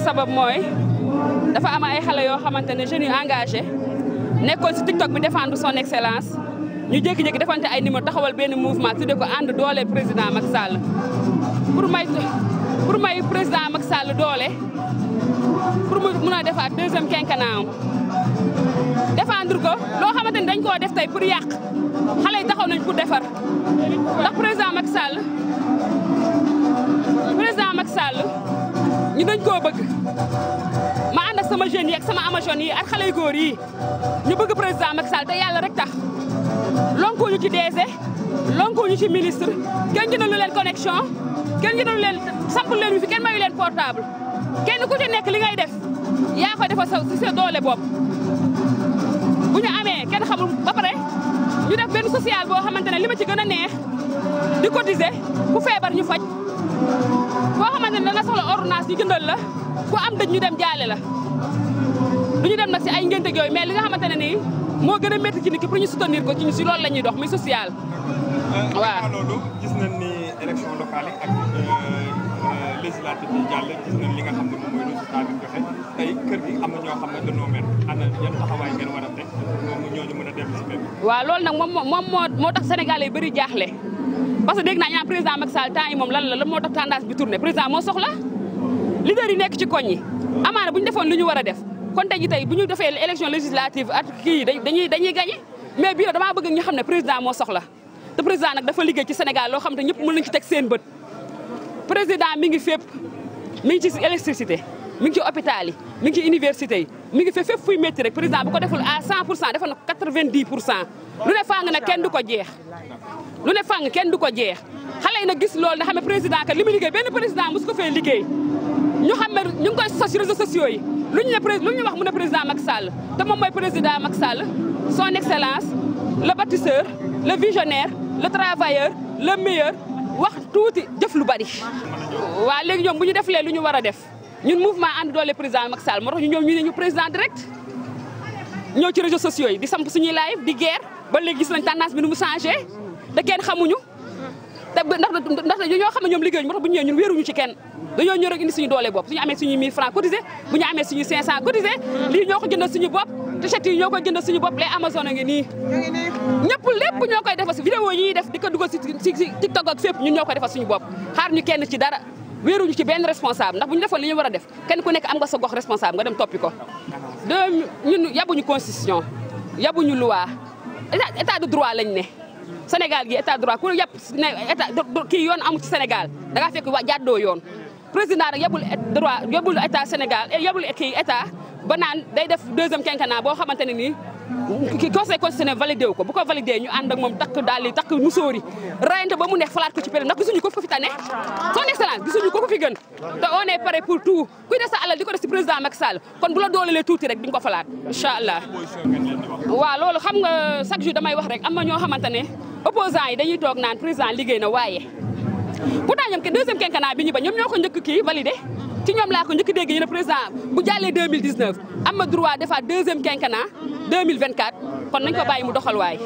sabab mooy dafa am ay xale yoo xamante ne jeunes yu engagé nekkoon si TikTok bi défendre son excellence ñu jékki-jékki defante ay numéro taxawal benn mouvement tudde ko ànd doole président Macky Sall pour may pour may président Macky Sall doole pour mu mun a defaat deuxième quinquennat défendre ko loo xamante dañ koo def tay pour yàq xale yi taxaw nañ pour def ma ànd ak sama jeunes yi ak sama amazone yi ak xale yu góor yi ñu bëgg président Macky Sall te yàlla rek tax lonkuñu ci DG lonkuñu ci ministre kenn jëndalu leen connexion kenn jëndalu leen sampul leen wi kenn mayu leen kenn ku ci nekk li ngay def yaa koy defal sa sa doole bopp bu ñu amee kenn xamul ba pare sociale boo xamante ne li ma ci gën a neex di cotiser ku feebar ñu faj boo xamante ne danga soxla ordonnance ñu jëndal la ku am dëj ñu dem jaale la du ñu dem nag si ay ngénte yooyu mais li nga xamante ne nii moo gën a métti ci nit ki pour ñu soutenir ko ci ñu si loolu la ñuy dox muy social euh, waaw loolu gis nañ ni élection locale euh, kër gi am ñoo xam ne dañoo mer taxawaay ngeen war waaw lool nag moom moom moo moo tax sénégalais yi bëri jaaxle parce que dégg naa ñu président Macky Sall temps yi moom lan la lan moo tax tendance bi tourné président moo soxla leader yi nekk ci koñ yi amaana bu ñu defoon lu ñu war a def kon tey tey bu ñu defee élection législative at kii dañuy dañuy gagné mais bii damaa bëgg ñu xam ne président moo soxla te président nag dafa liggéey ci Sénégal loo xam te ñëpp mën nañu ci teg seen bët président mi ngi fépp mi ngi ci électricité mi ngi ci hôpital yi mi ngi ci université yi ngi fi fuy métti rek président bu ko deful à 100 pour cent defal na ko 90 pour cent lu ne fàng nag kenn du ko jeex lu ne fàng kenn du ko jeex xale yi na gis loolu nga xam ne président kat li mu liggéey benn président mosu ko fee liggéey ñu xam ne sociaux lu ñu wax mu ne président Macky Sall te moom mooy président Macky Sall son excellence le bâtisseur le visionnaire le travailleur le meilleur wax tuuti jëf lu bari. waaw léegi ñoom bu ñu deflee lu ñu war a def. ñun mouvement ànd doole président Macky moo tax ñu ñëw ñu ne ñu président direct ñoo ci réseaux sociaux yi di samp suñuy live di guerre ba léegi gis nañ tendance bi nu mu changé te kenn xamuñu te ndax ñoo xam ñoom liggéeyuñu moo tax bu ñu ñëwee ñun ci kenn dañoo ñëw rek indi suñu doole bopp suñu amee suñu 1000 francs cotisé bu ñu amee suñu 500 cotisé ñoo ko jëndal suñu bopp t-shirt yi ñoo koy jëndal suñu bopp les Amazon a ngi nii ñëpp lépp ñoo koy defal si vidéo ñu ñuy def di koy defal kenn ci dara wéeruñu ci benn responsable ndax bu ñu defoon li ñu war a def kenn ku nekk am nga sa gox responsable nga dem toppi ko. de ñu yabuñu constitution yabuñu loi état de droit lañ ne. Sénégal gi état de droit ku yàpp kii yoon amu ci Sénégal da ngaa fekk waa jàddoo yoon président rek yabul droit yabul état Sénégal yabul kii état ba naan day def deuxième quinquennat boo xamante ne nii. ki conseil constitutionnel validé ko bu ko validé ñu ànd ak moom takk daal di takk musóori rayante ba mu neex falaat ko ci péré ndax gisuñu ko fi tane son excellence gisuñu ko fi gën te on est paré pour tout kuy def sa alal di ko def si président Macky Sall kon bu la doolelee tuuti rek di ko falaat incha allah. waaw loolu xam nga chaque jour damay wax rek am na ñoo xamante ne opposant yi dañuy toog naan président liggéey na waaye. pourtant ñoom ke deuxième quinquennat bi ñu ba ñoom ñoo ko njëkk kii validé ci ñoom laa ko njëkk dégg ñu ne président bu jàllee 2019 am na droit defaat deuxième quinquennat 2024 kon nañ ko bàyyi mu doxal waay